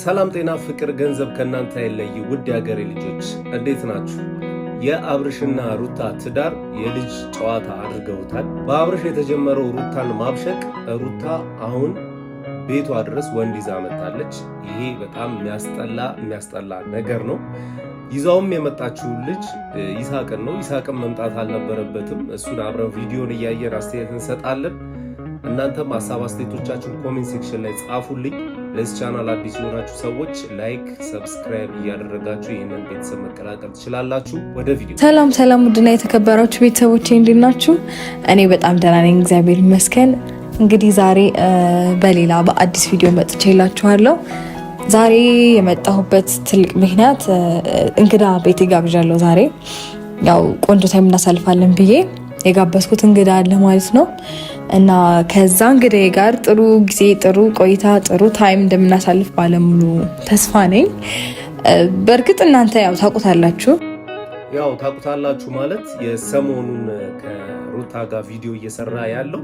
ሰላም፣ ጤና፣ ፍቅር፣ ገንዘብ ከእናንተ አይለይ። ውድ የአገሬ ልጆች እንዴት ናችሁ? የአብርሽና ሩታ ትዳር የልጅ ጨዋታ አድርገውታል። በአብርሽ የተጀመረው ሩታን ማብሸቅ ሩታ አሁን ቤቷ ድረስ ወንድ ይዛ መጣለች። ይሄ በጣም የሚያስጠላ የሚያስጠላ ነገር ነው። ይዛውም የመጣችው ልጅ ይሳቅን ነው። ይሳቅን መምጣት አልነበረበትም። እሱን አብረን ቪዲዮን እያየን አስተያየት እንሰጣለን። እናንተም ሀሳብ አስተያየቶቻችሁን ኮሜንት ሴክሽን ላይ ጻፉልኝ። ለዚህ ቻናል አዲስ የሆናችሁ ሰዎች ላይክ፣ ሰብስክራይብ እያደረጋችሁ ይህንን ቤተሰብ መቀላቀል ትችላላችሁ። ወደ ቪዲዮ። ሰላም ሰላም፣ ውድና የተከበራችሁ ቤተሰቦቼ እንዴት ናችሁ? እኔ በጣም ደህና ነኝ፣ እግዚአብሔር ይመስገን። እንግዲህ ዛሬ በሌላ በአዲስ ቪዲዮ መጥቼላችኋለሁ። ዛሬ የመጣሁበት ትልቅ ምክንያት እንግዳ ቤት ጋብዣለሁ። ዛሬ ያው ቆንጆ ታይም እናሳልፋለን ብዬ የጋበዝኩት እንግዳ አለ ማለት ነው። እና ከዛ እንግዲህ ጋር ጥሩ ጊዜ፣ ጥሩ ቆይታ፣ ጥሩ ታይም እንደምናሳልፍ ባለሙሉ ተስፋ ነኝ። በእርግጥ እናንተ ያው ታውቁታላችሁ ያው ታውቁታላችሁ ማለት የሰሞኑን ከሩታ ጋር ቪዲዮ እየሰራ ያለው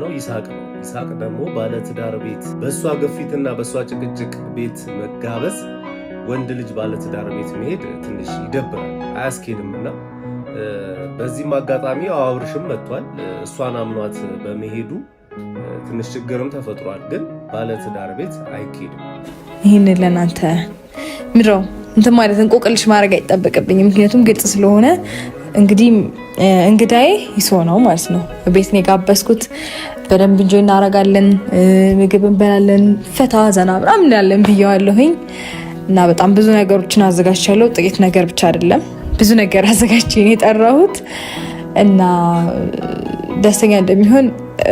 ነው? ይሳቅ ነው። ይሳቅ ደግሞ ባለትዳር ቤት በእሷ ግፊትና በእሷ ጭቅጭቅ ቤት መጋበዝ፣ ወንድ ልጅ ባለትዳር ቤት መሄድ ትንሽ ይደብራል፣ አያስኬድምና በዚህም አጋጣሚ አዋብርሽም መጥቷል። እሷን አምኗት በመሄዱ ትንሽ ችግርም ተፈጥሯል። ግን ባለትዳር ቤት አይኬድም። ይህን ለእናንተ ምድረው እንትን ማለት እንቆቅልሽ ማድረግ አይጠበቅብኝ፣ ምክንያቱም ግልጽ ስለሆነ እንግዲህ እንግዳዬ ይሶ ነው ማለት ነው። ቤት ነው የጋበዝኩት። በደንብ እንጆ እናደርጋለን፣ ምግብ እንበላለን፣ ፈታ ዘና ምናምን እንላለን ብያዋለሁኝ እና በጣም ብዙ ነገሮችን አዘጋጅቻለሁ። ጥቂት ነገር ብቻ አይደለም። ብዙ ነገር አዘጋጅቼ የጠራሁት እና ደስተኛ እንደሚሆን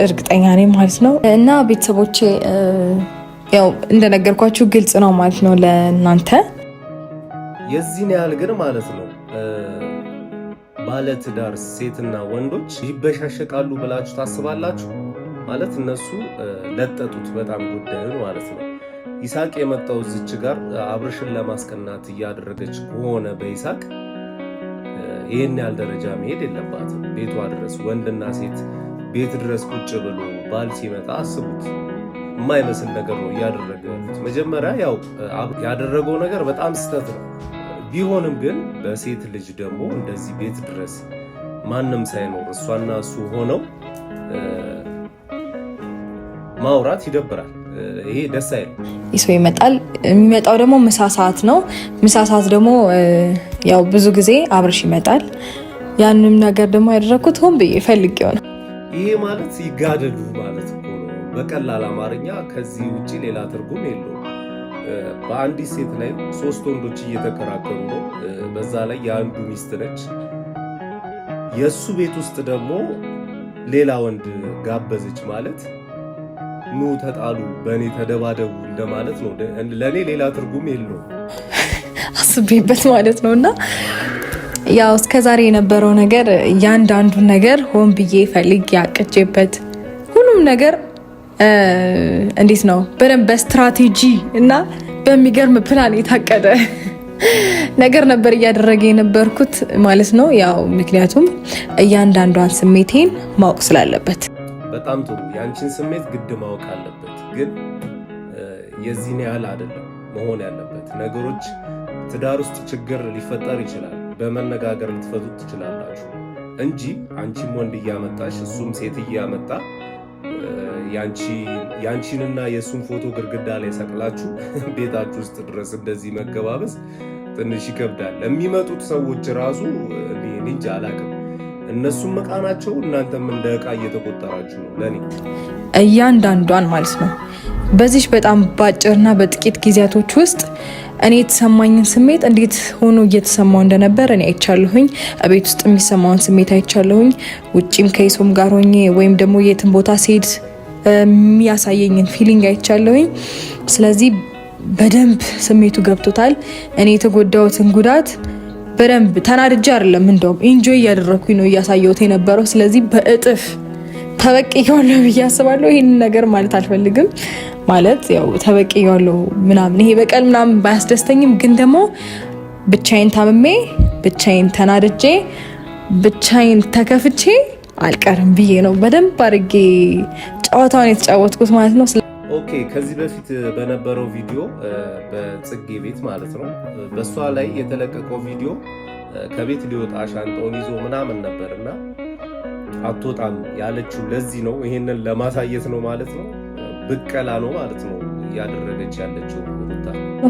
እርግጠኛ ነኝ ማለት ነው። እና ቤተሰቦቼ ያው እንደነገርኳችሁ ግልጽ ነው ማለት ነው ለእናንተ። የዚህን ያህል ግን ማለት ነው ባለትዳር ሴትና ወንዶች ይበሻሸቃሉ ብላችሁ ታስባላችሁ? ማለት እነሱ ለጠጡት በጣም ጉዳዩን ማለት ነው። ይሳቅ የመጣው ዝች ጋር አብርሽን ለማስቀናት እያደረገች ከሆነ በይሳቅ ይህን ያህል ደረጃ መሄድ የለባትም። ቤቷ ድረስ ወንድና ሴት ቤት ድረስ ቁጭ ብሎ ባል ሲመጣ አስቡት። የማይመስል ነገር ነው እያደረገ ያሉት። መጀመሪያ ያው ያደረገው ነገር በጣም ስህተት ነው። ቢሆንም ግን በሴት ልጅ ደግሞ እንደዚህ ቤት ድረስ ማንም ሳይኖር እሷና እሱ ሆነው ማውራት ይደብራል። ይሄ ደስ አይልም። ሰው ይመጣል። የሚመጣው ደግሞ ምሳ ሰዓት ነው። ምሳ ሰዓት ደግሞ ያው ብዙ ጊዜ አብርሽ ይመጣል። ያንንም ነገር ደግሞ ያደረግኩት ሆን ብዬ ፈልግ ሆነ። ይሄ ማለት ይጋደሉ ማለት እኮ ነው በቀላል አማርኛ። ከዚህ ውጭ ሌላ ትርጉም የለውም። በአንዲት ሴት ላይ ሶስት ወንዶች እየተከራከሩ ነው። በዛ ላይ የአንዱ ሚስት ነች። የእሱ ቤት ውስጥ ደግሞ ሌላ ወንድ ጋበዘች ማለት ኑ ተጣሉ፣ በእኔ ተደባደቡ እንደማለት ነው። ለእኔ ሌላ ትርጉም የለውም። አስቤበት ማለት ነው እና ያው ዛሬ የነበረው ነገር እያንዳንዱን ነገር ሆን ብዬ ፈልግ ያቅቼበት ሁሉም ነገር እንዴት ነው በደንብ በስትራቴጂ እና በሚገርም ፕላን የታቀደ ነገር ነበር እያደረገ የነበርኩት ማለት ነው። ያው ምክንያቱም እያንዳንዷን ስሜቴን ማወቅ ስላለበት በጣም ጥሩ። የአንቺን ስሜት ግድ ማወቅ አለበት፣ ግን የዚህን ያህል አይደለም መሆን ያለበት ነገሮች ትዳር ውስጥ ችግር ሊፈጠር ይችላል። በመነጋገር ልትፈቱት ትችላላችሁ እንጂ አንቺም ወንድ እያመጣሽ እሱም ሴት እያመጣ ያንቺንና የእሱን ፎቶ ግድግዳ ላይ ሰቅላችሁ ቤታችሁ ውስጥ ድረስ እንደዚህ መገባበስ ትንሽ ይከብዳል። ለሚመጡት ሰዎች ራሱ እንጃ አላቅም። እነሱም እቃ ናቸው፣ እናንተም እንደ ዕቃ እየተቆጠራችሁ ነው ለእኔ እያንዳንዷን ማለት ነው በዚህ በጣም ባጭርና በጥቂት ጊዜያቶች ውስጥ እኔ የተሰማኝን ስሜት እንዴት ሆኖ እየተሰማው እንደነበር እኔ አይቻለሁኝ። ቤት ውስጥ የሚሰማውን ስሜት አይቻለሁኝ። ውጪም ከይሶም ጋር ሆኜ ወይም ደግሞ የትን ቦታ ሴድ የሚያሳየኝን ፊሊንግ አይቻለሁኝ። ስለዚህ በደንብ ስሜቱ ገብቶታል። እኔ የተጎዳሁትን ጉዳት በደንብ ተናድጄ አይደለም፣ እንደውም ኢንጆይ እያደረግኩኝ ነው እያሳየሁት የነበረው። ስለዚህ በእጥፍ ተበቅያለሁ ብዬ አስባለሁ። ይህንን ነገር ማለት አልፈልግም። ማለት ያው ተበቅያለሁ ምናምን ይሄ በቀል ምናምን ባያስደስተኝም፣ ግን ደግሞ ብቻዬን ታምሜ ብቻዬን ተናድጄ ብቻዬን ተከፍቼ አልቀርም ብዬ ነው በደንብ አድርጌ ጨዋታውን የተጫወትኩት ማለት ነው። ኦኬ ከዚህ በፊት በነበረው ቪዲዮ በጽጌ ቤት ማለት ነው በእሷ ላይ የተለቀቀው ቪዲዮ ከቤት ሊወጣ ሻንጣውን ይዞ ምናምን ነበር እና አትወጣም ያለችው ለዚህ ነው። ይሄንን ለማሳየት ነው ማለት ነው። ብቀላ ነው ማለት ነው እያደረገች ያለችው ሩታ።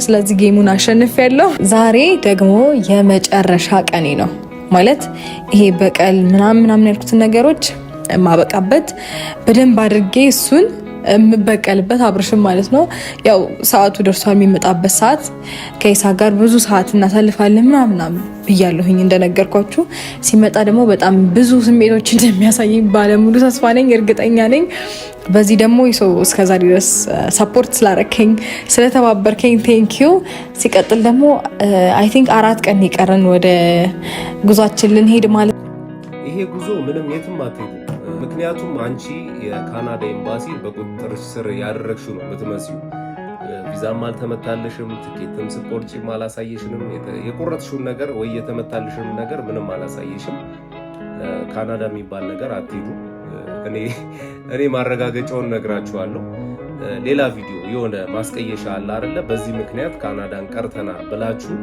ስለዚህ ጌሙን አሸንፍ ያለው ዛሬ ደግሞ የመጨረሻ ቀኔ ነው ማለት ይሄ በቀል ምናምን ምናምን ያልኩትን ነገሮች የማበቃበት በደንብ አድርጌ እሱን የምበቀልበት አብርሽም ማለት ነው። ያው ሰዓቱ ደርሷል። የሚመጣበት ሰዓት ከይሳ ጋር ብዙ ሰዓት እናሳልፋለን ምናምናም ብያለሁኝ እንደነገርኳችሁ። ሲመጣ ደግሞ በጣም ብዙ ስሜቶች እንደሚያሳይ ባለሙሉ ተስፋ ነኝ፣ እርግጠኛ ነኝ። በዚህ ደግሞ ሰው እስከዛ ድረስ ሰፖርት ስላረከኝ ስለተባበርከኝ ቴንኪዩ። ሲቀጥል ደግሞ አይ ቲንክ አራት ቀን የቀረን ወደ ጉዟችን ልንሄድ ማለት ይሄ ጉዞ ምንም የትም አትሄድ ምክንያቱም አንቺ የካናዳ ኤምባሲ በቁጥጥር ስር ያደረግሽው ነው የምትመስዩ። ቪዛም አልተመታልሽም፣ ትኬትም ስቆርጭም አላሳየሽንም። የቆረጥሽውን ነገር ወይ የተመታልሽም ነገር ምንም አላሳየሽም። ካናዳ የሚባል ነገር አትሄዱ። እኔ ማረጋገጫውን ነግራችኋለሁ። ሌላ ቪዲዮ የሆነ ማስቀየሻ አለ አይደለ? በዚህ ምክንያት ካናዳን ቀርተና ብላችሁ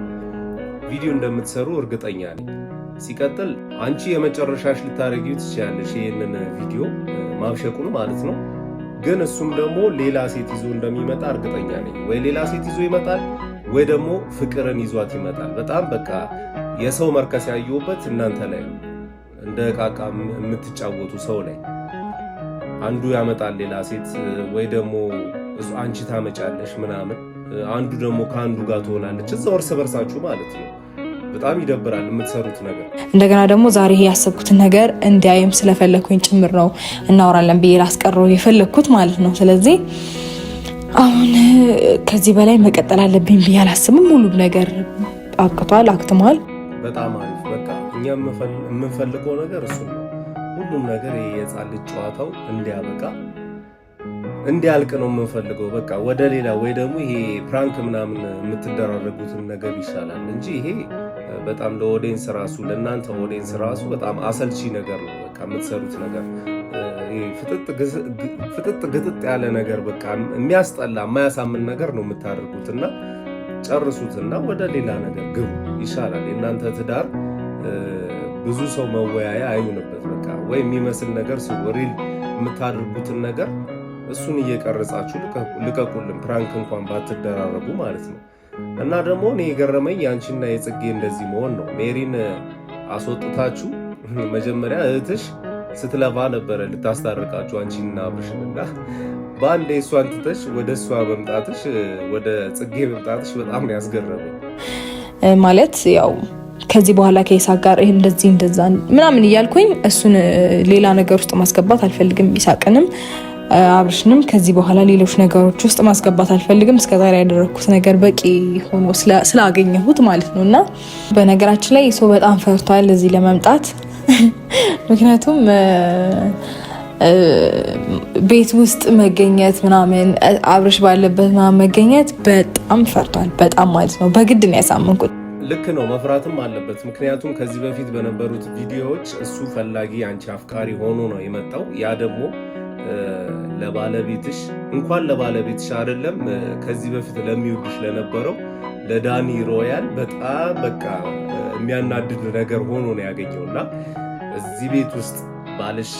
ቪዲዮ እንደምትሰሩ እርግጠኛ ነኝ። ሲቀጥል አንቺ የመጨረሻሽ ልታደርጊው ትችላለሽ ይህንን ቪዲዮ ማብሸቁን ማለት ነው። ግን እሱም ደግሞ ሌላ ሴት ይዞ እንደሚመጣ እርግጠኛ ነኝ። ወይ ሌላ ሴት ይዞ ይመጣል፣ ወይ ደግሞ ፍቅርን ይዟት ይመጣል። በጣም በቃ የሰው መርከስ ያየሁበት እናንተ ላይ ነው፣ እንደ እቃቃ የምትጫወቱ ሰው ላይ አንዱ ያመጣል ሌላ ሴት፣ ወይ ደግሞ አንቺ ታመጫለሽ ምናምን፣ አንዱ ደግሞ ከአንዱ ጋር ትሆናለች እዛው እርስ በርሳችሁ ማለት ነው። በጣም ይደብራል የምትሰሩት ነገር። እንደገና ደግሞ ዛሬ ያሰብኩትን ነገር እንዲያይም ስለፈለግኩኝ ጭምር ነው እናወራለን ብዬ ላስቀረው የፈለግኩት ማለት ነው። ስለዚህ አሁን ከዚህ በላይ መቀጠል አለብኝ ብዬ አላስብም። ሁሉም ነገር አብቅቷል፣ አክትሟል። በጣም አሪፍ። በቃ እኛ የምንፈልገው ነገር እሱ ነው። ሁሉም ነገር የሕፃን ልጅ ጨዋታው እንዲያበቃ እንዲያልቅ ነው የምንፈልገው። በቃ ወደ ሌላ ወይ ደግሞ ይሄ ፕራንክ ምናምን የምትደራረጉትን ነገር ይሻላል እንጂ ይሄ በጣም ለኦዲየንስ ራሱ ለእናንተ ኦዲየንስ ራሱ በጣም አሰልቺ ነገር ነው። በቃ የምትሰሩት ነገር ፍጥጥ ግጥጥ ያለ ነገር በቃ የሚያስጠላ የማያሳምን ነገር ነው ጨርሱት ጨርሱትና ወደ ሌላ ነገር ግቡ ይሻላል። የእናንተ ትዳር ብዙ ሰው መወያያ አይሁንበት። በቃ ወይ የሚመስል ነገር ሪል የምታደርጉትን ነገር እሱን እየቀረጻችሁ ልቀቁልን። ፕራንክ እንኳን ባትደራረጉ ማለት ነው። እና ደግሞ እኔ የገረመኝ የአንቺና የጽጌ እንደዚህ መሆን ነው። ሜሪን አስወጥታችሁ መጀመሪያ እህትሽ ስትለፋ ነበረ ልታስታርቃችሁ አንቺና አብርሽንና በአንድ እሷን ትተሽ ወደ እሷ መምጣትሽ ወደ ጽጌ መምጣትሽ በጣም ነው ያስገረመኝ። ማለት ያው ከዚህ በኋላ ከይሳቅ ጋር ይህ እንደዚህ እንደዛ ምናምን እያልኩኝ እሱን ሌላ ነገር ውስጥ ማስገባት አልፈልግም። ይሳቅንም አብርሽንም ከዚህ በኋላ ሌሎች ነገሮች ውስጥ ማስገባት አልፈልግም። እስከዛሬ ያደረግኩት ነገር በቂ ሆኖ ስላገኘሁት ማለት ነው። እና በነገራችን ላይ ሰው በጣም ፈርቷል እዚህ ለመምጣት ምክንያቱም ቤት ውስጥ መገኘት ምናምን አብርሽ ባለበት ምናምን መገኘት በጣም ፈርቷል። በጣም ማለት ነው። በግድ ነው ያሳመንኩት። ልክ ነው፣ መፍራትም አለበት። ምክንያቱም ከዚህ በፊት በነበሩት ቪዲዮዎች እሱ ፈላጊ አንቺ አፍቃሪ ሆኖ ነው የመጣው ያ ደግሞ ለባለቤትሽ እንኳን ለባለቤትሽ አይደለም ከዚህ በፊት ለሚወድሽ ለነበረው ለዳኒ ሮያል በጣም በቃ የሚያናድድ ነገር ሆኖ ነው ያገኘው እና እዚህ ቤት ውስጥ ባልሽ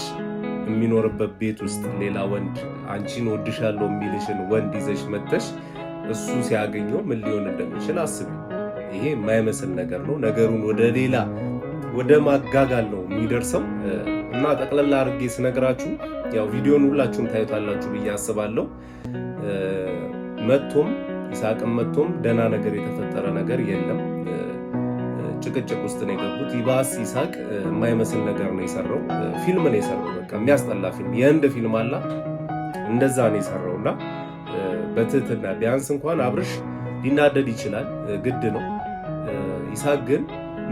የሚኖርበት ቤት ውስጥ ሌላ ወንድ አንቺን ወድሻለሁ የሚልሽን ወንድ ይዘሽ መጥተሽ እሱ ሲያገኘው ምን ሊሆን እንደሚችል አስቢ። ይሄ የማይመስል ነገር ነው። ነገሩን ወደ ሌላ ወደ ማጋጋል ነው የሚደርሰው እና ጠቅለላ አድርጌ ስነግራችሁ ያው ቪዲዮን ሁላችሁም ታዩታላችሁ ብዬ አስባለሁ። መቶም ይስሐቅም መቶም ደህና ነገር የተፈጠረ ነገር የለም። ጭቅጭቅ ውስጥ ነው የገቡት። ይባስ ይስሐቅ የማይመስል ነገር ነው የሰራው። ፊልም ነው የሰራው፣ በቃ የሚያስጠላ ፊልም፣ የህንድ ፊልም አላ እንደዛ ነው የሰራው። እና በትህትና ቢያንስ እንኳን አብርሽ ሊናደድ ይችላል፣ ግድ ነው። ይስሐቅ ግን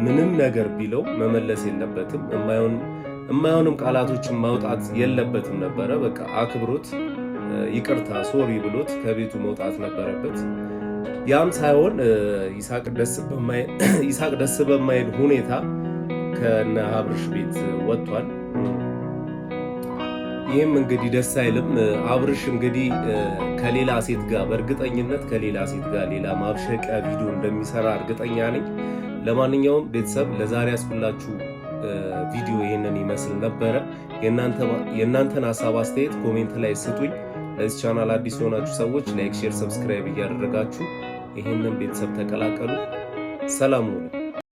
ምንም ነገር ቢለው መመለስ የለበትም የማይሆን የማይሆንም ቃላቶችን ማውጣት የለበትም ነበረ። በቃ አክብሮት ይቅርታ ሶሪ ብሎት ከቤቱ መውጣት ነበረበት። ያም ሳይሆን ይሳቅ ደስ በማይል ሁኔታ ከነ አብርሽ ቤት ወጥቷል። ይህም እንግዲህ ደስ አይልም። አብርሽ እንግዲህ ከሌላ ሴት ጋር በእርግጠኝነት ከሌላ ሴት ጋር ሌላ ማብሸቂያ ቪዲዮ እንደሚሰራ እርግጠኛ ነኝ። ለማንኛውም ቤተሰብ ለዛሬ ያስኩላችሁ ቪዲዮ ይህንን ይመስል ነበረ። የእናንተን ሀሳብ አስተያየት ኮሜንት ላይ ስጡኝ። ለዚህ ቻናል አዲስ የሆናችሁ ሰዎች ላይክ፣ ሼር፣ ሰብስክራይብ እያደረጋችሁ ይህንን ቤተሰብ ተቀላቀሉ። ሰላም ሁኑ።